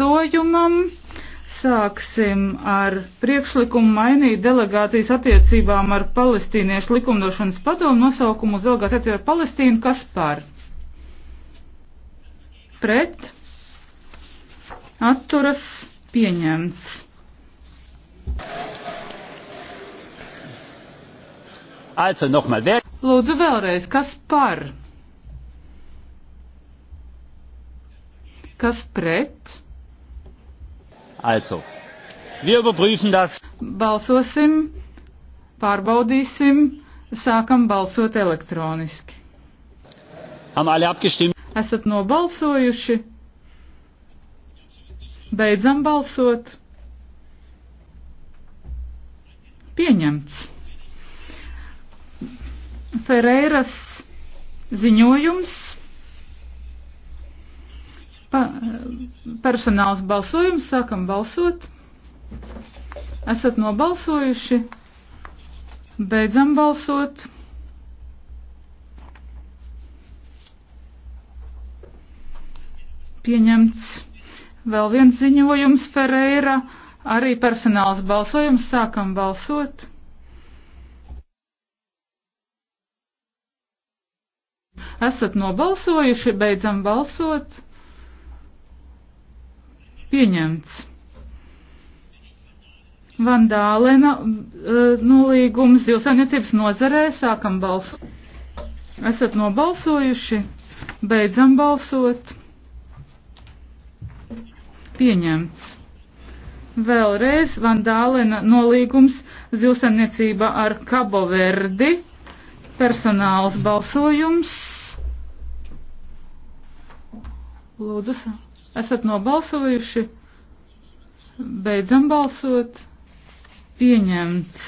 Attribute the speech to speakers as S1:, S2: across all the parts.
S1: balsojumam. Sāksim ar priekšlikumu mainīt delegācijas attiecībām ar palestīniešu likumdošanas padomu nosaukumu uz ilgās attiecībām ar Palestīnu. Kas par? Pret? Atturas pieņemts.
S2: Also nochmal, wer?
S1: Lūdzu vēlreiz, kas par? Kas pret?
S2: Also, wir überprüfen das.
S1: Balsosim, pārbaudīsim, sākam balsot elektroniski.
S2: Haben alle abgestimmt?
S1: Esat nobalsojuši? Beidzam balsot. Pieņemts. Ferreiras ziņojums Pa, personāls balsojums, sākam balsot. Esat nobalsojuši. Beidzam balsot. Pieņemts vēl viens ziņojums Ferreira. Arī personāls balsojums, sākam balsot. Esat nobalsojuši, beidzam balsot. Pieņemts. Vandālena eh, nolīgums zilsainiecības nozarē sākam balsot. Esat nobalsojuši, beidzam balsot. Pieņemts. Vēlreiz Vandālena nolīgums zilsainiecība ar Kaboverdi. Personāls balsojums. Lūdzu, sāk. Esat nobalsojuši? Beidzam balsot. Pieņemts.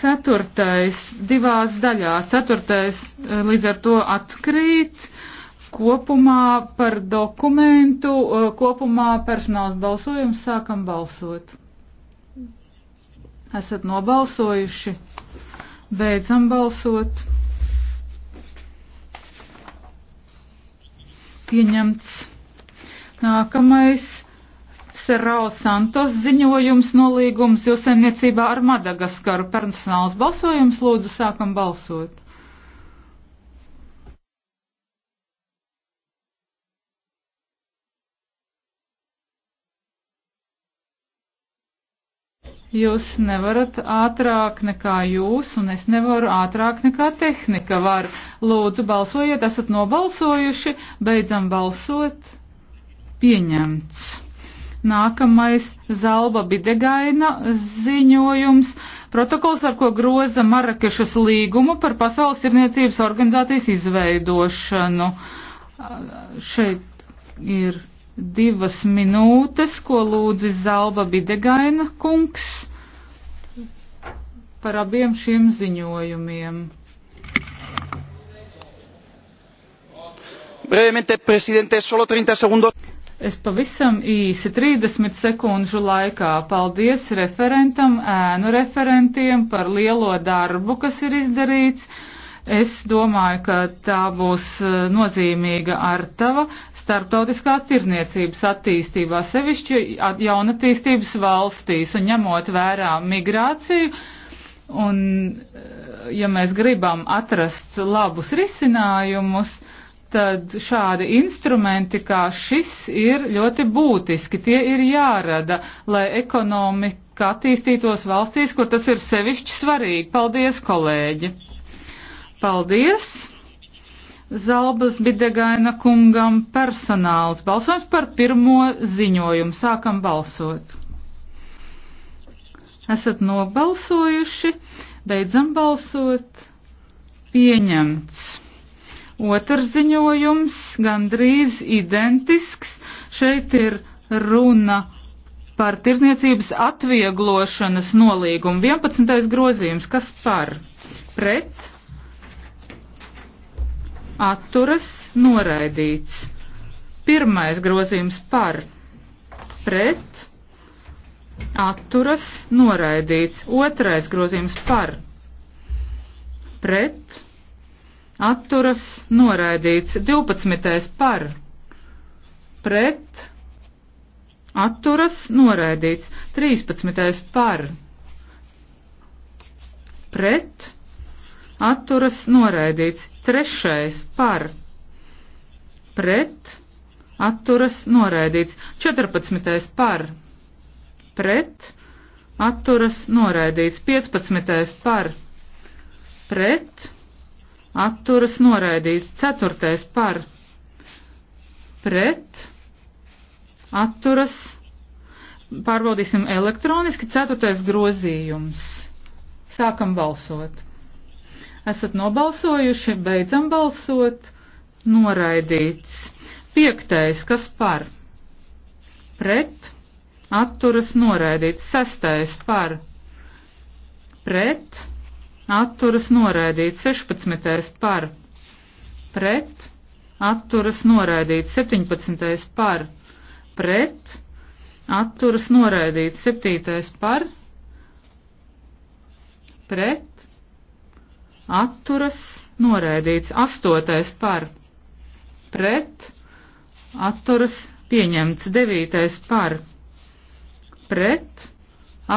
S1: Ceturtais divās daļās. Ceturtais eh, līdz ar to atkrīts kopumā par dokumentu, eh, kopumā personāls balsojums sākam balsot. Esat nobalsojuši. Beidzam balsot. Pieņemts. Nākamais. Serau Santos ziņojums nolīgums jūsaimniecībā ar Madagaskaru. Personāls balsojums lūdzu sākam balsot. Jūs nevarat ātrāk nekā jūs, un es nevaru ātrāk nekā tehnika var. Lūdzu, balsojiet, esat nobalsojuši, beidzam balsot pieņemts. Nākamais Zalba Bidegaina ziņojums - protokols, ar ko groza Marakešas līgumu par pasaules tirniecības organizācijas izveidošanu. Šeit ir divas minūtes, ko lūdzi Zalba Bidegaina kungs par abiem šiem ziņojumiem.
S2: Brevemente, presidente, solo 30 segundos.
S1: Es pavisam īsi 30 sekundžu laikā paldies referentam, ēnu referentiem par lielo darbu, kas ir izdarīts. Es domāju, ka tā būs eh, nozīmīga artava starptautiskās tirzniecības attīstībā, sevišķi jaunatīstības valstīs un ņemot vērā migrāciju. Un, eh, ja mēs gribam atrast labus risinājumus, uh, tad šādi instrumenti kā šis ir ļoti būtiski. Tie ir jārada, lai ekonomika attīstītos valstīs, kur tas ir sevišķi svarīgi. Paldies, kolēģi! Paldies! Zalbas Bidegaina kungam personāls. Balsojums par pirmo ziņojumu. Sākam balsot. Esat nobalsojuši, beidzam balsot. Pieņemts. Otrs ziņojums gandrīz identisks. Šeit ir runa par tirniecības atvieglošanas nolīgumu. 11. grozījums. Kas par? Pret? Atturas noraidīts. Pirmais grozījums par? Pret? Atturas noraidīts. Otrais grozījums par? Pret? atturas noraidīts. 12. par pret atturas noraidīts. 13. par pret atturas noraidīts. 3. par pret atturas noraidīts. 14. par pret atturas noraidīts. 15. par pret atturas noraidīts. Ceturtais par pret atturas. Pārbaudīsim elektroniski. Ceturtais grozījums. Sākam balsot. Esat nobalsojuši, beidzam balsot. Noraidīts. Piektais, kas par? Pret atturas noraidīts. Sastais par pret atturas noraidīts 16. par, pret, atturas noraidīts 17. par, pret, atturas noraidīts 7. par, pret, atturas noraidīts 8. par, pret, atturas pieņemts 9. par, pret,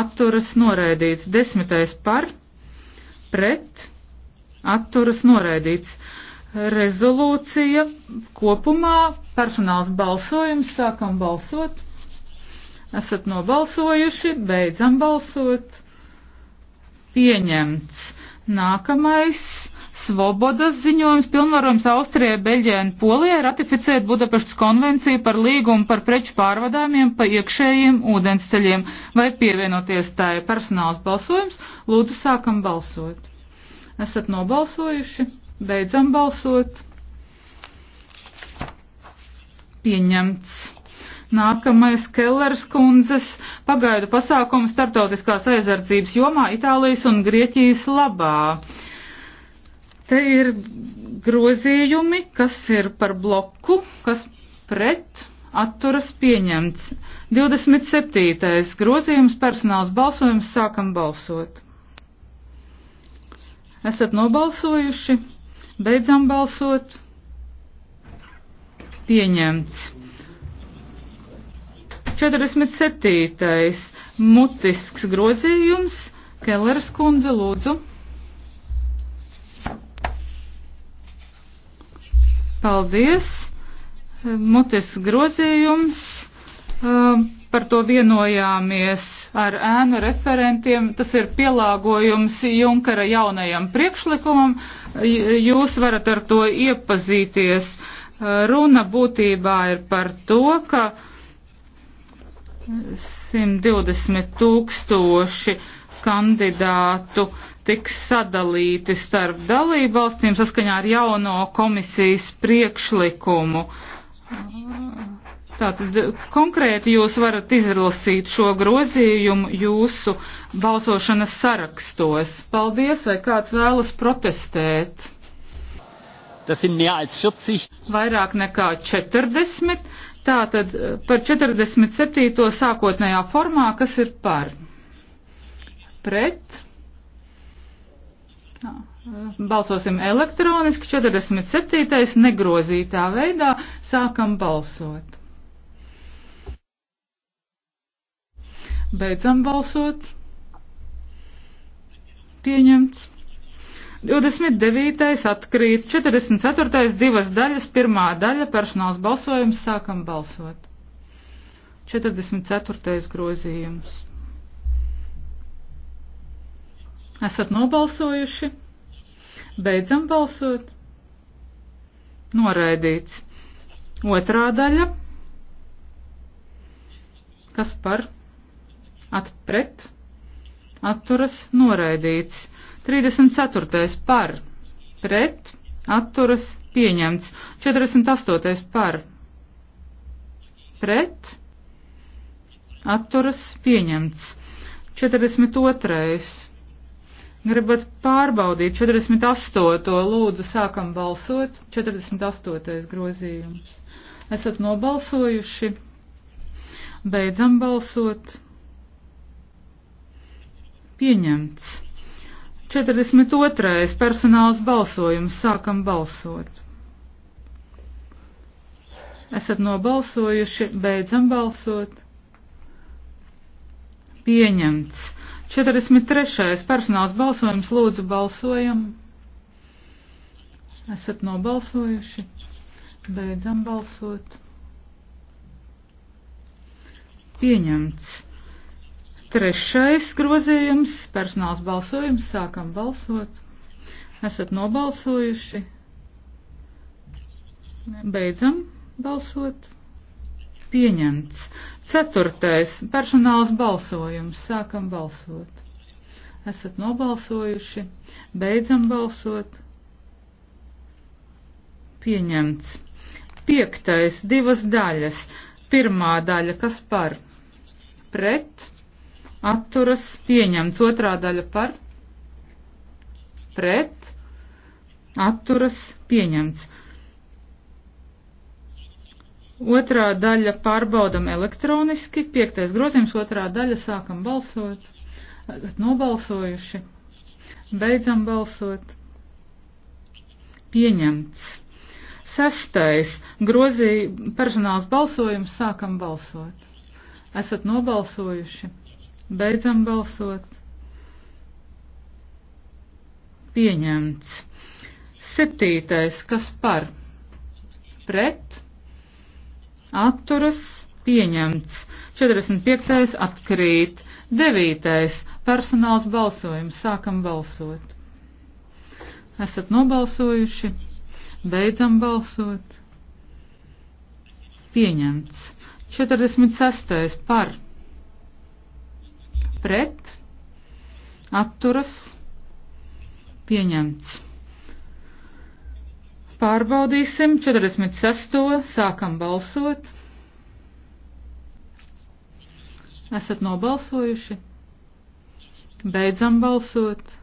S1: atturas noraidīts 10. par, pret, pret atturas noraidīts. Rezolūcija kopumā, personāls balsojums, sākam balsot. Esat nobalsojuši, beidzam balsot. Pieņemts. Nākamais Svobodas ziņojums pilnvarojums Austrijai, Beļģijai un Polijai ratificēt Budapeštas konvenciju par līgumu par preču pārvadājumiem pa iekšējiem ūdensceļiem vai pievienoties tai personāls balsojums. Lūdzu, sākam balsot. Esat nobalsojuši, beidzam balsot. Pieņemts. Nākamais Kellers kundzes pagaidu pasākums starptautiskās aizardzības jomā Itālijas un Grieķijas labā. Te ir grozījumi, kas ir par bloku, kas pret atturas pieņemts. 27. grozījums personāls balsojums sākam balsot. Esat nobalsojuši, beidzam balsot. Pieņemts. 47. mutisks grozījums. Kellers kundze, lūdzu. Paldies! Mutis grozījums. Um, par to vienojāmies ar ēnu referentiem. Tas ir pielāgojums Junkara jaunajam priekšlikumam. Jūs varat ar to iepazīties. Uh, runa būtībā ir par to, ka 120 tūkstoši kandidātu uh, tiks sadalīti starp dalību valstīm saskaņā ar jauno komisijas priekšlikumu. Tātad konkrēti jūs varat izlasīt šo grozījumu jūsu balsošanas sarakstos. Paldies, vai kāds vēlas protestēt? Vairāk nekā 40. Tātad par 47. sākotnējā formā, kas ir par? Pret? Balsosim elektroniski 47. negrozītā veidā. Sākam balsot. Beidzam balsot. Pieņemts. 29. atkrīt. 44. divas daļas. Pirmā daļa personāls balsojums. Sākam balsot. 44. grozījums. Esat nobalsojuši? Beidzam balsot. Noraidīts. Otrā daļa. Kas par? Atpret. Atturas noraidīts. 34. par. Pret. Atturas pieņemts. 48. par. Pret. Atturas pieņemts. 42. Gribat pārbaudīt 48. lūdzu sākam balsot. 48. grozījums. Esat nobalsojuši. Beidzam balsot. Pieņemts. 42. personāls balsojums. Sākam balsot. Esat nobalsojuši. Beidzam balsot. Pieņemts. 43. personāls balsojums. Lūdzu, balsojam. Esat nobalsojuši. Beidzam balsot. Pieņemts. Trešais grozījums. Personāls balsojums. Sākam balsot. Esat nobalsojuši. Beidzam balsot. Pieņemts. Ceturtais - personāls balsojums. Sākam balsot. Esat nobalsojuši, beidzam balsot. Pieņemts. Piektais - divas daļas. Pirmā daļa - kas par? Pret. Atturas. Pieņemts. Otrā daļa - par? Pret. Atturas. Pieņemts. Otrā daļa pārbaudam elektroniski. Piektais grozījums, otrā daļa sākam balsot. Esat nobalsojuši. Beidzam balsot. Pieņemts. Sestais grozī personāls balsojums, sākam balsot. Esat nobalsojuši. Beidzam balsot. Pieņemts. Septītais, kas par? Pret? atturas pieņemts. 45. atkrīt. 9. personāls balsojums. Sākam balsot. Esat nobalsojuši. Beidzam balsot. Pieņemts. 46. par. Pret. Atturas. Pieņemts. Pārbaudīsim 46. sākam balsot. Esat nobalsojuši? Beidzam balsot.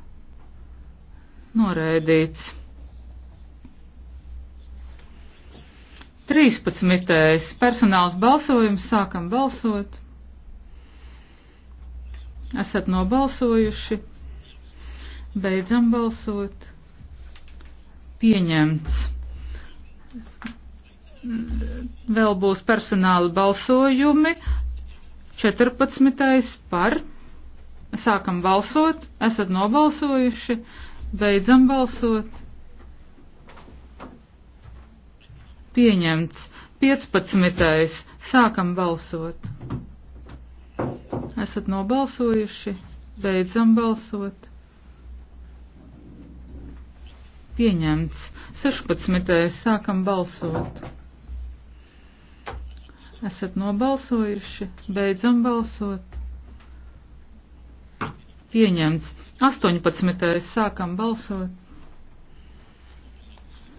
S1: Noraidīts. 13. personāls balsojums sākam balsot. Esat nobalsojuši? Beidzam balsot pieņemts. Vēl būs personāla balsojumi. 14. par. Sākam balsot. Esat nobalsojuši. Beidzam balsot. Pieņemts. 15. Sākam balsot. Esat nobalsojuši. Beidzam balsot. Pieņemts. 16. Sākam balsot. Esat nobalsojuši. Beidzam balsot. Pieņemts. 18. Sākam balsot.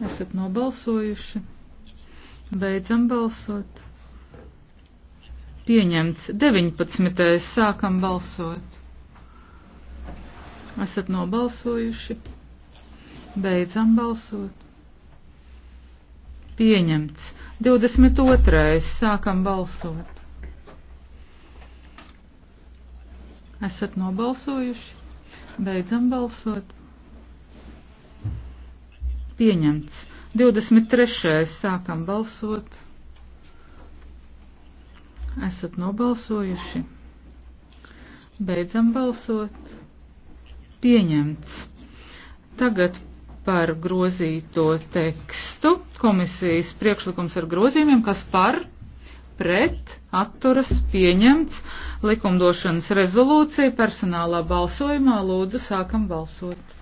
S1: Esat nobalsojuši. Beidzam balsot. Pieņemts. 19. Sākam balsot. Esat nobalsojuši. Beidzam balsot. Pieņemts. 22. Sākam balsot. Esat nobalsojuši? Beidzam balsot. Pieņemts. 23. Sākam balsot. Esat nobalsojuši? Beidzam balsot. Pieņemts. Tagad par grozīto tekstu. Komisijas priekšlikums ar grozījumiem, kas par, pret, atturas, pieņemts. Likumdošanas rezolūcija personālā balsojumā. Lūdzu, sākam balsot.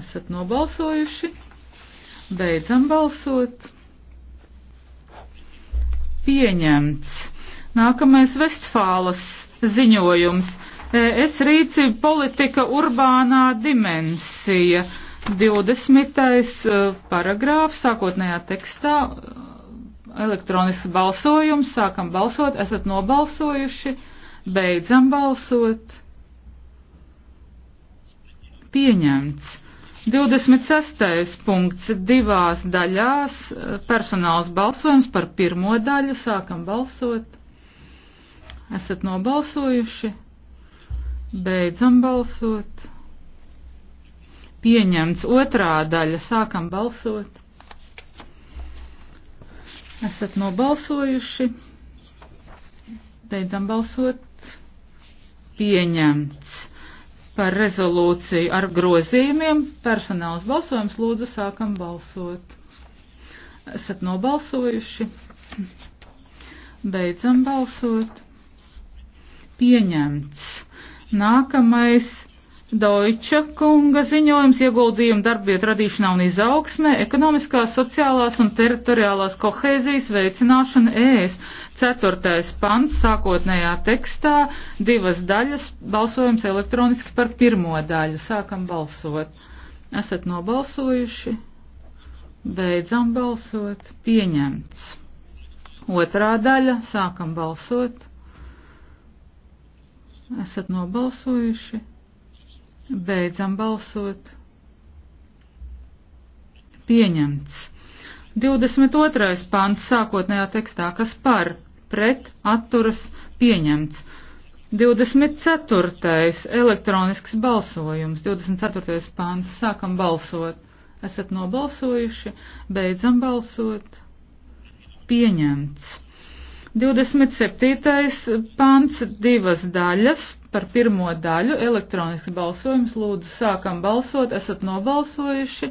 S1: Esat nobalsojuši. Beidzam balsot. Pieņemts. Nākamais Vestfālas ziņojums. Es rīcību politika urbānā dimensija. 20. Eh, paragrāfs sākotnējā tekstā eh, elektronisks balsojums, sākam balsot, esat nobalsojuši, beidzam balsot. Pieņemts. 26. punkts divās daļās eh, personāls balsojums par pirmo daļu, sākam balsot. Esat nobalsojuši, beidzam balsot pieņemts. Otrā daļa. Sākam balsot. Esat nobalsojuši. Beidzam balsot. Pieņemts par rezolūciju ar grozījumiem. Personāls balsojums lūdzu sākam balsot. Esat nobalsojuši. Beidzam balsot. Pieņemts. Nākamais Deutsche kunga ziņojums ieguldījumu darbvietu radīšanā un izaugsmē, ekonomiskās, sociālās un teritoriālās kohēzijas veicināšana ES. Ceturtais pants sākotnējā tekstā, divas daļas, balsojums elektroniski par pirmo daļu. Sākam balsot. Esat nobalsojuši? Beidzam balsot. Pieņemts. Otrā daļa, sākam balsot. Esat nobalsojuši? Beidzam balsot. Pieņemts. 22. pants sākotnējā tekstā, kas par, pret, atturas, pieņemts. 24. elektronisks balsojums, 24. pāns, sākam balsot. Esat nobalsojuši, beidzam balsot. Pieņemts. 27. pāns, divas daļas, par pirmo daļu elektronisks balsojums. Lūdzu, sākam balsot, esat nobalsojuši,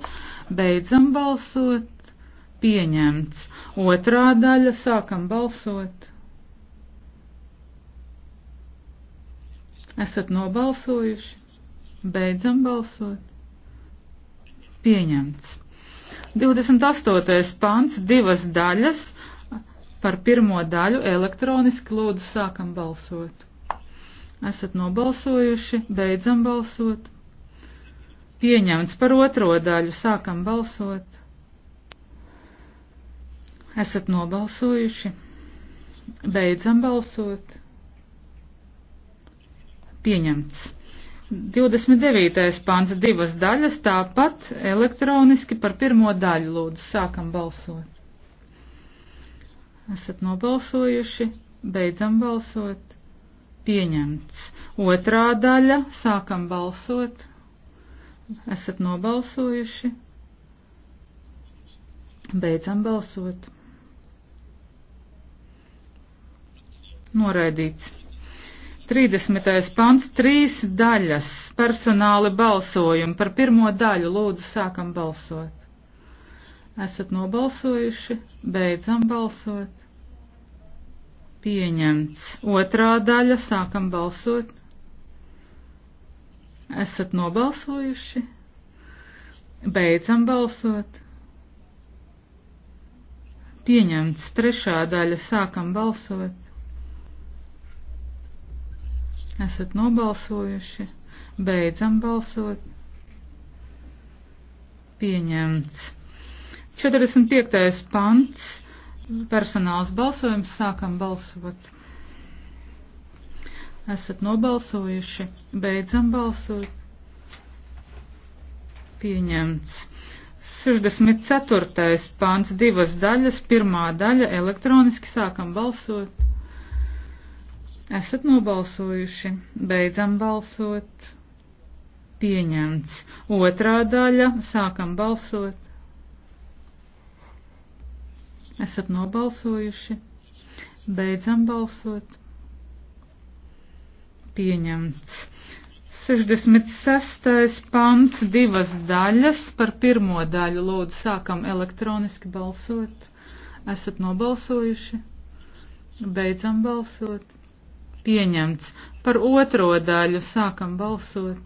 S1: beidzam balsot, pieņemts. Otrā daļa, sākam balsot. Esat nobalsojuši, beidzam balsot, pieņemts. 28. pants, divas daļas. Par pirmo daļu elektroniski lūdzu sākam balsot. Esat nobalsojuši, beidzam balsot. Pieņemts par otro daļu, sākam balsot. Esat nobalsojuši, beidzam balsot. Pieņemts. 29. pāns divas daļas, tāpat elektroniski par pirmo daļu lūdzu sākam balsot. Esat nobalsojuši, beidzam balsot pieņemts. Otrā daļa. Sākam balsot. Esat nobalsojuši. Beidzam balsot. Noraidīts. 30. pants, trīs daļas, personāli balsojumi. Par pirmo daļu lūdzu sākam balsot. Esat nobalsojuši, beidzam balsot pieņemts. Otrā daļa, sākam balsot. Esat nobalsojuši? Beidzam balsot. Pieņemts trešā daļa, sākam balsot. Esat nobalsojuši? Beidzam balsot. Pieņemts. 45. pants Personāls balsojums. Sākam balsot. Esat nobalsojuši. Beidzam balsot. Pieņemts. 64. pāns divas daļas. Pirmā daļa elektroniski sākam balsot. Esat nobalsojuši. Beidzam balsot. Pieņemts. Otrā daļa. Sākam balsot. Esat nobalsojuši. Beidzam balsot. Pieņemts. 66. pants divas daļas. Par pirmo daļu lūdzu sākam elektroniski balsot. Esat nobalsojuši. Beidzam balsot. Pieņemts. Par otro daļu sākam balsot.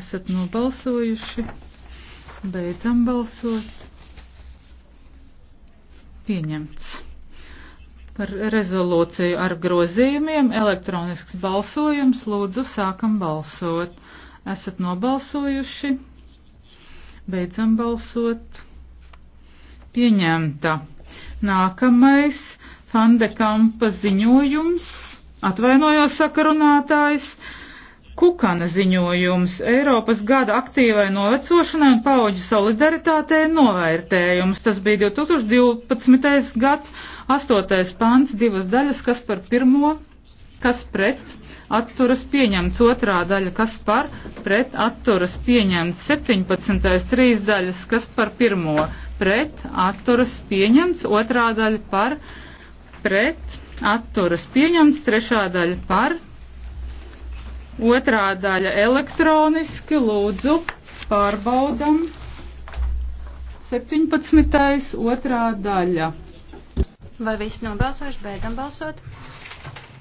S1: Esat nobalsojuši. Beidzam balsot pieņemts. Par rezolūciju ar grozījumiem elektronisks balsojums lūdzu sākam balsot. Esat nobalsojuši, beidzam balsot. Pieņemta. Nākamais Fandekampa ziņojums. Atvainojos sakarunātājs Kukana ziņojums Eiropas gada aktīvai novecošanai un pauģu solidaritātei novērtējums. Tas bija 2012. gads, 8. pants, divas daļas, kas par pirmo, kas pret, atturas pieņemts, otrā daļa, kas par, pret, atturas pieņemts, 17. trīs daļas, kas par pirmo, pret, atturas pieņemts, otrā daļa par, pret, atturas pieņemts, trešā daļa par, Otrā daļa elektroniski, lūdzu, pārbaudam. 17. otrā daļa.
S2: Vai visi nobalsojuši? Beidzam balsot.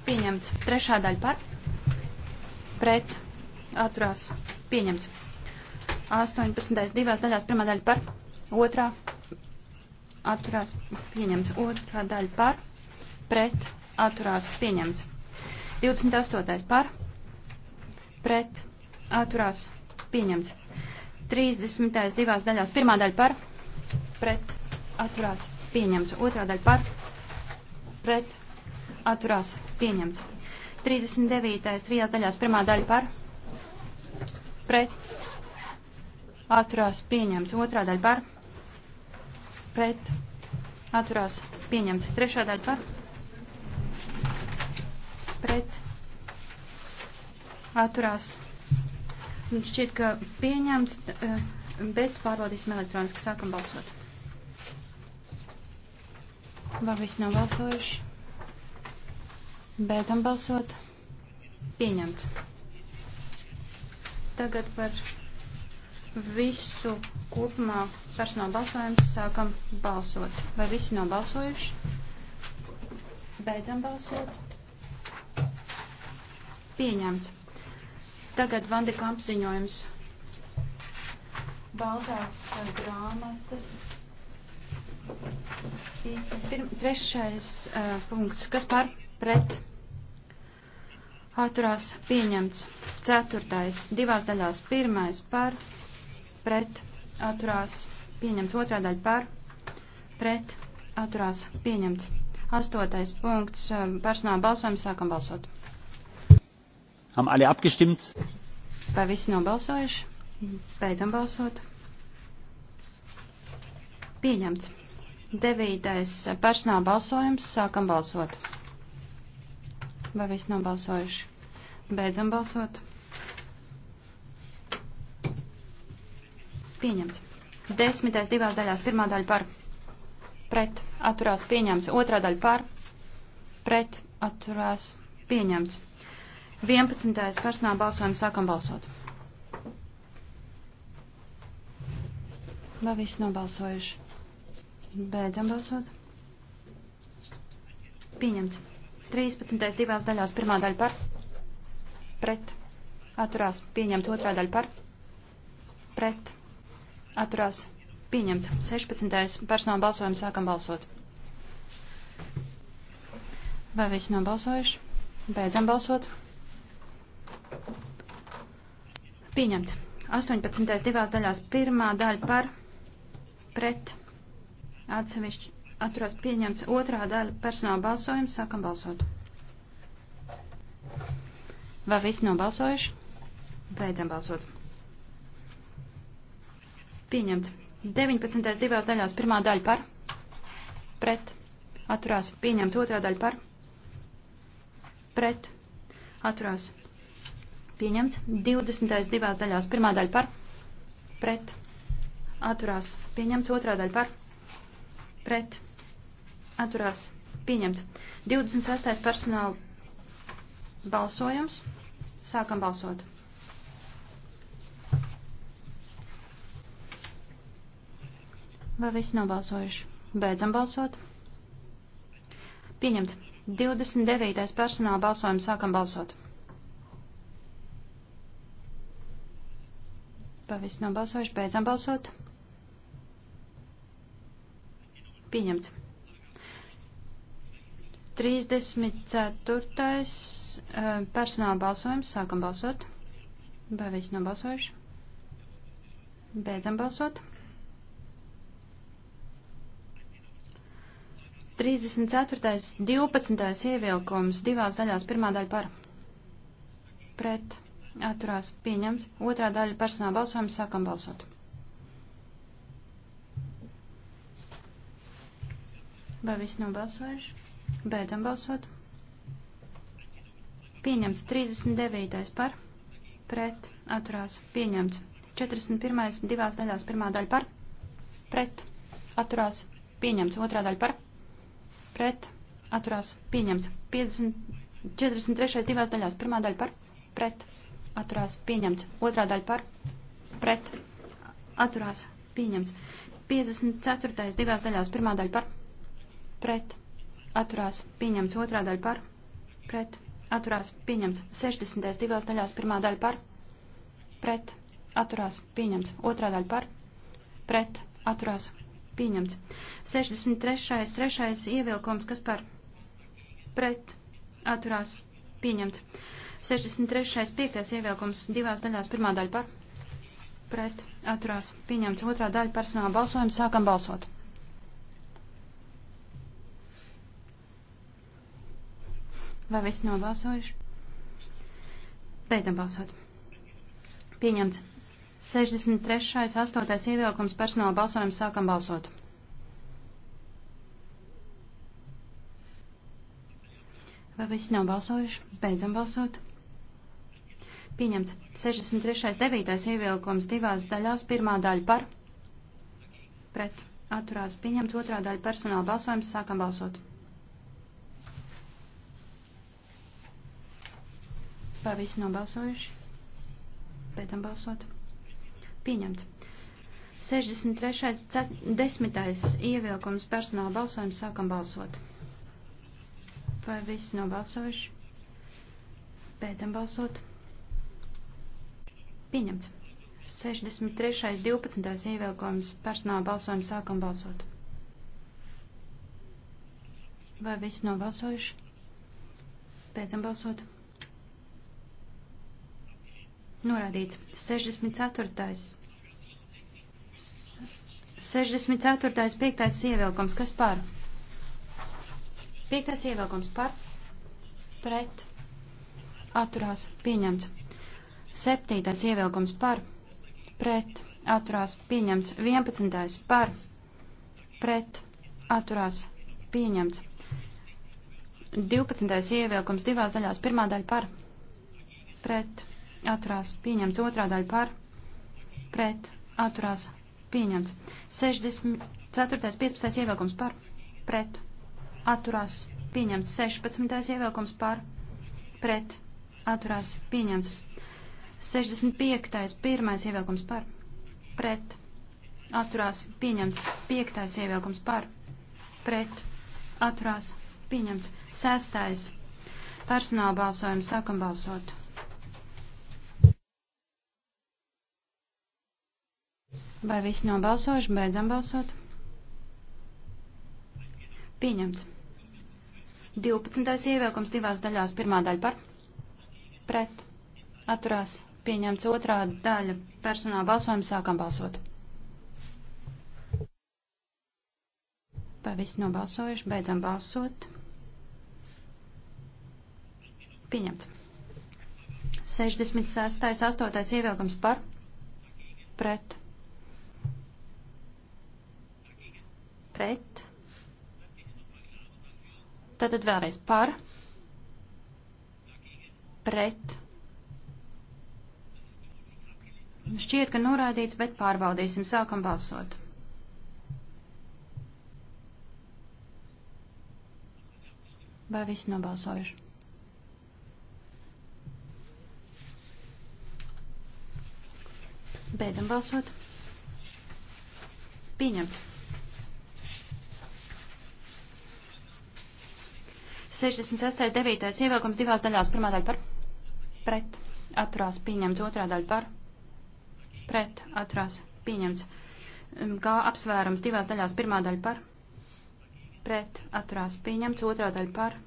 S2: Pieņemts. Trešā daļa par. Pret. Atturās. Pieņemts. 18. divās daļās. Pirmā daļa par. Otrā. Atturās. Pieņemts. Otrā daļa par. Pret. Atturās. Pieņemts. 28. par pret atturās pieņemts. 30. divās daļās. Pirmā daļa par pret atturās pieņemts. Otrā daļa par pret atturās pieņemts. 39. trijās daļās. Pirmā daļa par pret atturās pieņemts. Otrā daļa par pret atturās pieņemts. Trešā daļa par pret atturās. Un šķiet, ka pieņemts, eh, bet pārbaudīsim elektroniski. Sākam balsot. Vai visi nav balsojuši? Beidzam balsot. Pieņemts. Tagad par visu kopumā personāla balsojumu sākam balsot. Vai visi nav balsojuši? Beidzam balsot. Pieņemts. Tagad Vandika apziņojums. Baltās uh, grāmatas. Pirm, trešais uh, punkts. Kas par pret? Atturās pieņemts. Ceturtais. Divās daļās. Pirmais par, pret, atturās pieņemts. Otrā daļa par, pret, atturās pieņemts. Astotais punkts. Uh, personāla balsojums. Sākam balsot. Haben alle abgestimmt? Vai visi nobalsojuši? Beidzam balsot. Pieņemts. Devītais personāla balsojums. Sākam balsot. Vai visi nobalsojuši? Beidzam balsot. Pieņemts. Desmitais divās daļās. Pirmā daļa par. Pret. Atturās pieņemts. Otrā daļa par. Pret. Atturās pieņemts. 11. personāla balsojums sākam balsot. Vai visi nobalsojuši? Beidzam balsot. Pieņemts. 13. divās daļās pirmā daļa par. Pret. Atturās. Pieņemts otrā daļa par. Pret. Atturās. Pieņemts. 16. personāla balsojums sākam balsot. Vai visi nobalsojuši? Beidzam balsot. Pieņemts. 18. divās daļās. Pirmā daļa par pret atsevišķi atturās pieņemts. Otrā daļa personāla balsojums. Sākam balsot. Vai visi nobalsojuši? Beidzam balsot. Pieņemts. 19. divās daļās. Pirmā daļa par pret atturās pieņemts. Otrā daļa par pret atturās pieņemts. 20. divās daļās. Pirmā daļa par, pret, atturās, pieņemts. Otrā daļa par, pret, atturās, pieņemts. 26. personāla balsojums. Sākam balsot. Vai visi nav balsojuši? Beidzam balsot. Pieņemts. 29. personāla balsojums. Sākam balsot. Pavis nobalsojuši, beidzam balsot. Pieņemts. 34. Eh, personāla balsojums. Sākam balsot. Vai visi nobalsojuši? Beidzam balsot. 34. 12. ievilkums divās daļās. Pirmā daļa par. Pret atturās pieņemts. Otrā daļa personāla balsojuma sākam balsot. Vai viss nobalsojuši? Beidzam balsot. Pieņemts 39. par, pret, atturās, pieņemts 41. divās daļās, pirmā daļa par, pret, atturās, pieņemts otrā daļa par, pret, atturās, pieņemts 50, 43. divās daļās, pirmā daļa par, pret, atturās pieņemts. Otrā daļa par pret atturās pieņemts. 54. divās daļās pirmā daļa par pret atturās pieņemts. Otrā daļa par pret atturās pieņemts. 60. divās daļās pirmā daļa par pret atturās pieņemts. Otrā daļa par pret atturās pieņemts. 63. trešais ievilkums, kas par pret atturās pieņemts. 63. 5. ievilkums divās daļās. Pirmā daļa par. Pret. Atturās. Pieņemts. Otrā daļa personāla balsojuma. Sākam balsot. Vai visi nobalsojuši? Beidzam balsot. Pieņemts. 63. 8. ievilkums personāla balsojuma. Sākam balsot. Vai visi nav balsojuši? Beidzam balsot. Pieņemts 63. 9. ievilkums divās daļās. Pirmā daļa par. Pret. Atturās. Pieņemts otrā daļa personāla balsojums. Sākam balsot. Vai visi nobalsojuši? Pēcam balsot. Pieņemts. 63. 10. ievilkums personāla balsojums. Sākam balsot. Vai visi nobalsojuši? Beidzam balsot. Pieņemts. 63. 12. ievilkojums personāla balsojuma sākam balsot. Vai visi nobalsojuši? Beidzam balsot. Norādīts. 64. 64. 5. ievilkums. Kas par? 5. ievilkums par. Pret. Atturās. Pieņemts. Septītais ievilkums par, pret, atturās, pieņemts. Vienpadsmitais par, pret, atturās, pieņemts. Divpadsmitais ievilkums divās daļās. Pirmā daļa par, pret, atturās, pieņemts. Otrā daļa par, pret, atturās, pieņemts. 64. 15. ievilkums par, pret, atturās, pieņemts. 16. ievilkums par, pret, atturās, pieņemts. 65. pirmais ievilkums par, pret, atturās, pieņemts, piektais ievilkums par, pret, atturās, pieņemts, sestais, personāla balsojums, sākam balsot. Vai visi nobalsojuši, beidzam balsot? Pieņemts. 12. ievilkums divās daļās, pirmā daļa par, pret, atturās, pieņemts otrā daļa personāla balsojuma, sākam balsot. Vai visi nobalsojuši, beidzam balsot. Pieņemts. 66. 8. ievilkums par, pret, pret, tātad vēlreiz par, pret, Šķiet, ka norādīts, bet pārbaudīsim. Sākam balsot. Vai visi nobalsojuši? Beidzam balsot. Pieņemts. 66. 9. ievilkums divās daļās. Pirmā daļa par pret. Atturās pieņemts. Otrā daļa par pret atturās pieņemts. G apsvērums divās daļās. Pirmā daļa par pret atturās pieņemts, otrā daļa par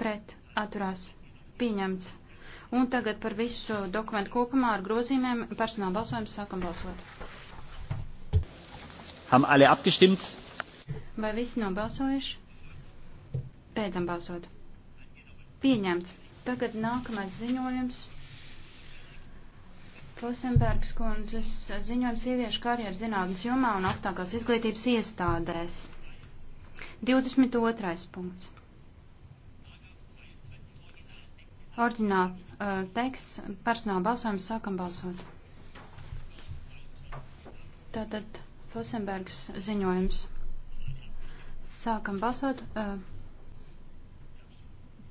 S2: pret atturās pieņemts. Un tagad par visu dokumentu kopumā ar grozījumiem personāla balsojums sākam balsot. Haben alle abgestimmt? Vai visi nobalsojuši? Beidzam balsot. Pieņemts. Tagad nākamais ziņojums. Fosenbergs kundzes ziņojums sieviešu karjeras zinātnes jomā un augstākās izglītības iestādēs. 22. punkts. Orģināl uh, teksts, personāla balsojums, sākam balsot. Tātad Fosenbergs ziņojums. Sākam balsot. Uh,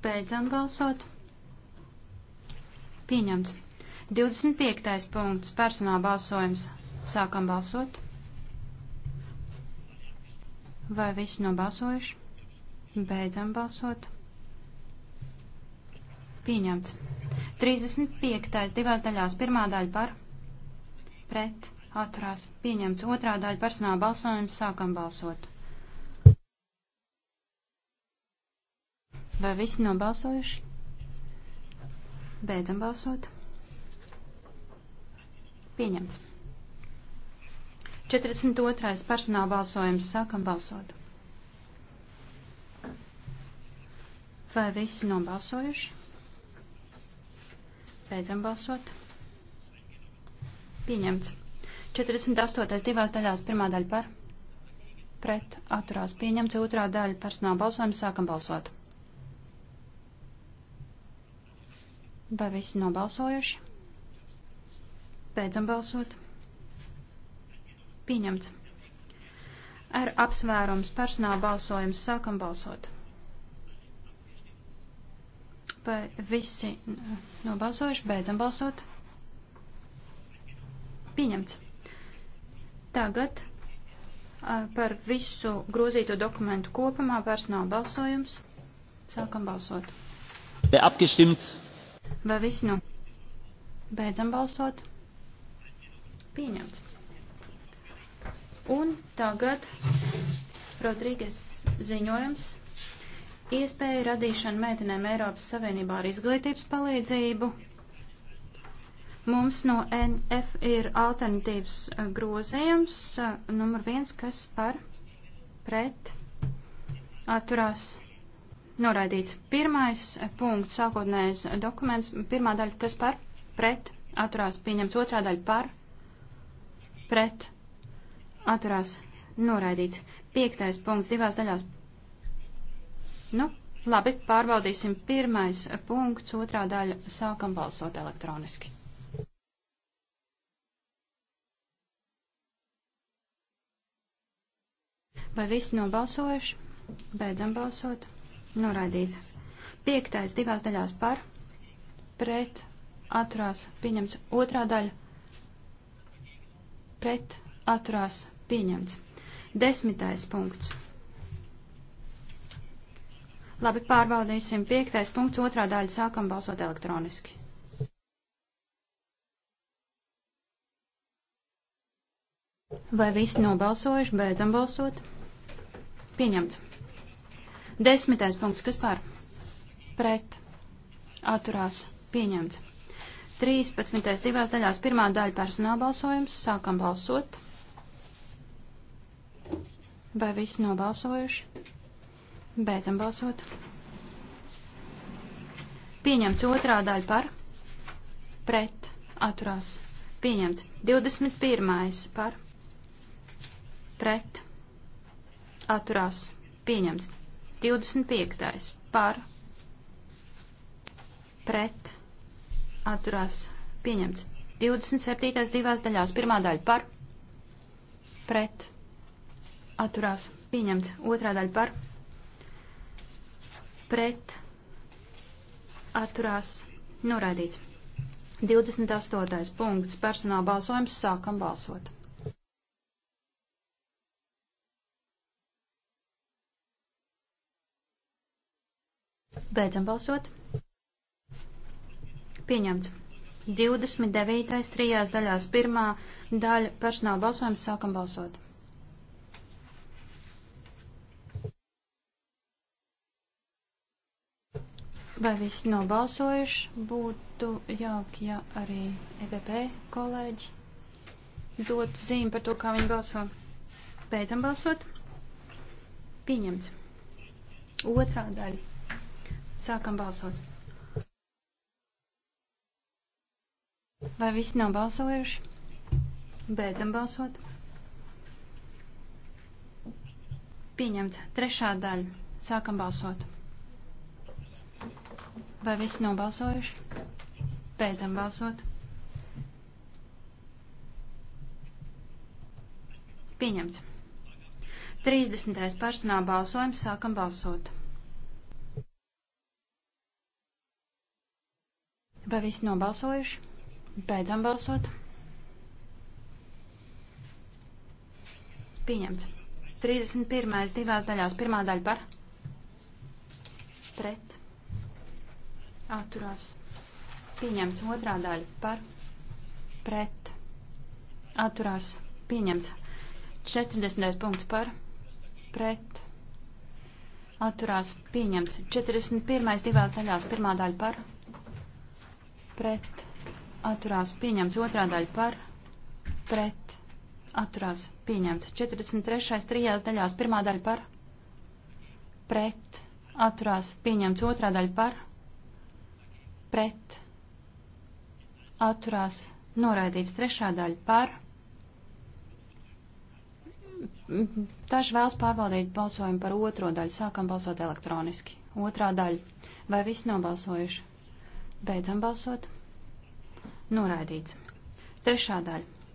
S2: beidzam balsot. Pieņemts. 25. punkts - personāla balsojums. Sākam balsot. Vai visi nobalsojuši? Beidzam balsot. Pieņemts. 35. divās daļās. Pirmā daļa par. Pret. Atturās. Pieņemts. Otrā daļa personāla balsojums. Sākam balsot. Vai visi nobalsojuši? Beidzam balsot. Pieņemts. 42. personāla balsojums. Sākam balsot. Vai visi nobalsojuši? Beidzam balsot. Pieņemts. 48. divās daļās pirmā daļa par. Pret atturās pieņemts. Otrā daļa personāla balsojums. Sākam balsot. Vai visi nobalsojuši? Beidzam balsot. Pieņemts. Ar apsvērums personāla balsojums sākam balsot. Vai visi nobalsojuši? Beidzam balsot. Pieņemts. Tagad par visu grozīto dokumentu kopumā personāla balsojums. Sākam balsot. Vai visi nu? Beidzam balsot pieņemts. Un tagad Rodrīgas ziņojums. Iespēja radīšana meitenēm Eiropas Savienībā ar izglītības palīdzību. Mums no NF ir alternatīvs eh, grozējums, eh, numur viens, kas par pret atturās noraidīts. Pirmais eh, punkts, sākotnējais dokuments, pirmā daļa, kas par pret atturās pieņemts, otrā daļa par pret, atturās, noraidīts. Piektais punkts divās daļās. Nu, labi, pārbaudīsim pirmais punkts, otrā daļa, sākam balsot elektroniski. Vai visi nobalsojuši? Beidzam balsot. Noraidīts. Piektais divās daļās par, pret, atturās, pieņems otrā daļa pret atturās pieņemts. Desmitais punkts. Labi, pārbaudīsim. Piektais punkts, otrā daļa sākam balsot elektroniski. Vai visi nobalsojuši? Beidzam balsot. Pieņemts. Desmitais punkts, kas par? Pret. Atturās. Pieņemts. 13. divās daļās pirmā daļa personāla balsojums. Sākam balsot. Vai visi nobalsojuši? Beidzam balsot. Pieņemts otrā daļa par. Pret. Atturās. Pieņemts. 21. par. Pret. Atturās. Pieņemts. 25. par. Pret atturās pieņemts. 27. divās daļās. Pirmā daļa par, pret, atturās pieņemts. Otrā daļa par, pret, atturās noraidīts. 28. punkts. Personāla balsojums. Sākam balsot. Beidzam balsot. Pieņemts. 29. trijās daļās pirmā daļa personāla balsojums sākam balsot. Vai visi nobalsojuši? Būtu jauki, ja arī EPP kolēģi dotu zīmi par to, kā viņi balso. Beidzam balsot. Pieņemts. Otrā daļa. Sākam balsot. Vai visi nav balsojuši? Beidzam balsot. Pieņemts. Trešā daļa. Sākam balsot. Vai visi nobalsojuši? Beidzam balsot. Pieņemts. 30. personāla balsojums. Sākam balsot. Vai visi nobalsojuši? Beidzam balsot. Pieņemts. 31. divās daļās. Pirmā daļa par. Pret. Atturās. Pieņemts. Otrā daļa par. Pret. Atturās. Pieņemts. 40. punkts par. Pret. Atturās. Pieņemts. 41. divās daļās. Pirmā daļa par. Pret atturās pieņemts otrā daļa par, pret, atturās pieņemts 43. trijās daļās pirmā daļa par, pret, atturās pieņemts otrā daļa par, pret, atturās noraidīts trešā daļa par. Taču vēlas pārbaudīt balsojumu par otro daļu. Sākam balsot elektroniski. Otrā daļa. Vai viss nobalsojuši? Beidzam balsot. Noraidīts. Trešā daļa.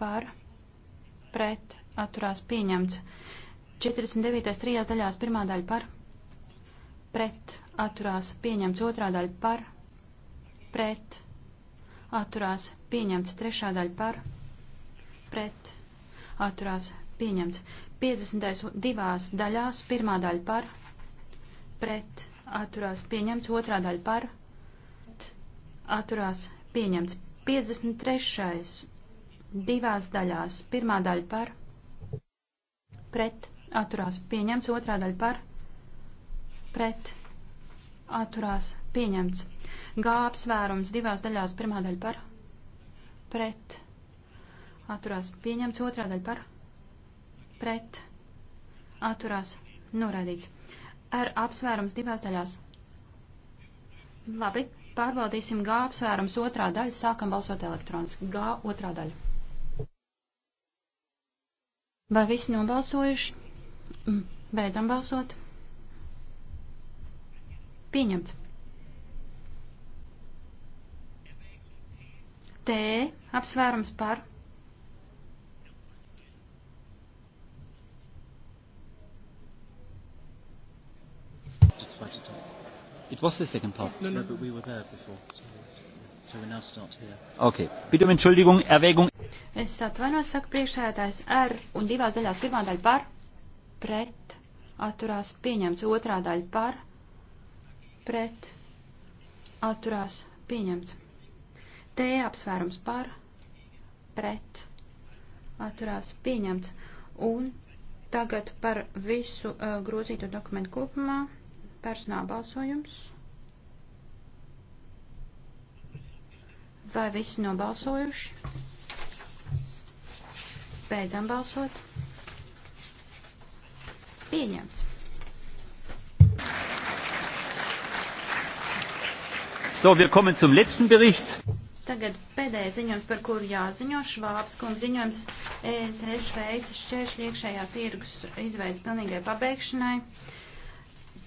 S2: Par, pret, atturās pieņemts. 49. trijās daļās pirmā daļa par, pret, atturās pieņemts. Otrā daļa par, pret, atturās pieņemts. Trešā daļa par, pret, atturās pieņemts. 50. divās daļās pirmā daļa par, pret, atturās pieņemts. Otrā daļa par, pret, atturās pieņemts Pieņemts 53. divās daļās. Pirmā daļa par pret atturās. Pieņemts otrā daļa par pret atturās. Pieņemts. G apsvērums divās daļās. Pirmā daļa par pret atturās. Pieņemts otrā daļa par pret atturās. Norādīts. Ar apsvērums divās daļās. Labi, Pārbaudīsim G apsvērums otrā daļa, sākam balsot elektroniski. G otrā daļa. Vai visi nobalsojuši? Mm, beidzam balsot. Pieņemts. T apsvērums par
S1: It was the second part. No, no, but we were there before. So we now start here.
S2: Okay. Bitte um Entschuldigung, Erwägung. Es atvainojos, saka priekšsēdētājs R un divās daļās. Pirmā daļa par, pret, atturās, pieņemts. Otrā daļa par, pret, atturās, pieņemts. T apsvērums par, pret, atturās, pieņemts. Un tagad par visu uh, grozīto dokumentu kopumā. Personāla balsojums. Vai visi nobalsojuši? Beidzam balsot. Pieņemts. So, wir kommen zum letzten Bericht. Tagad pēdējais ziņojums, par kuru jāziņo Švābs kungs ziņojums ESE Šveices šķēršļiekšējā tirgus izveids pilnīgai pabeigšanai.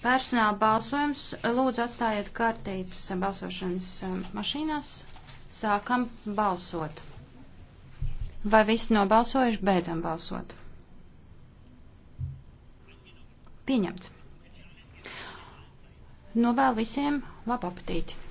S2: Personāla balsojums. Lūdzu, atstājiet kartītes balsošanas um, mašīnās. Sākam balsot. Vai visi nobalsojuši? Beidzam balsot. Pieņemts. Novēl nu, visiem labu apetīti!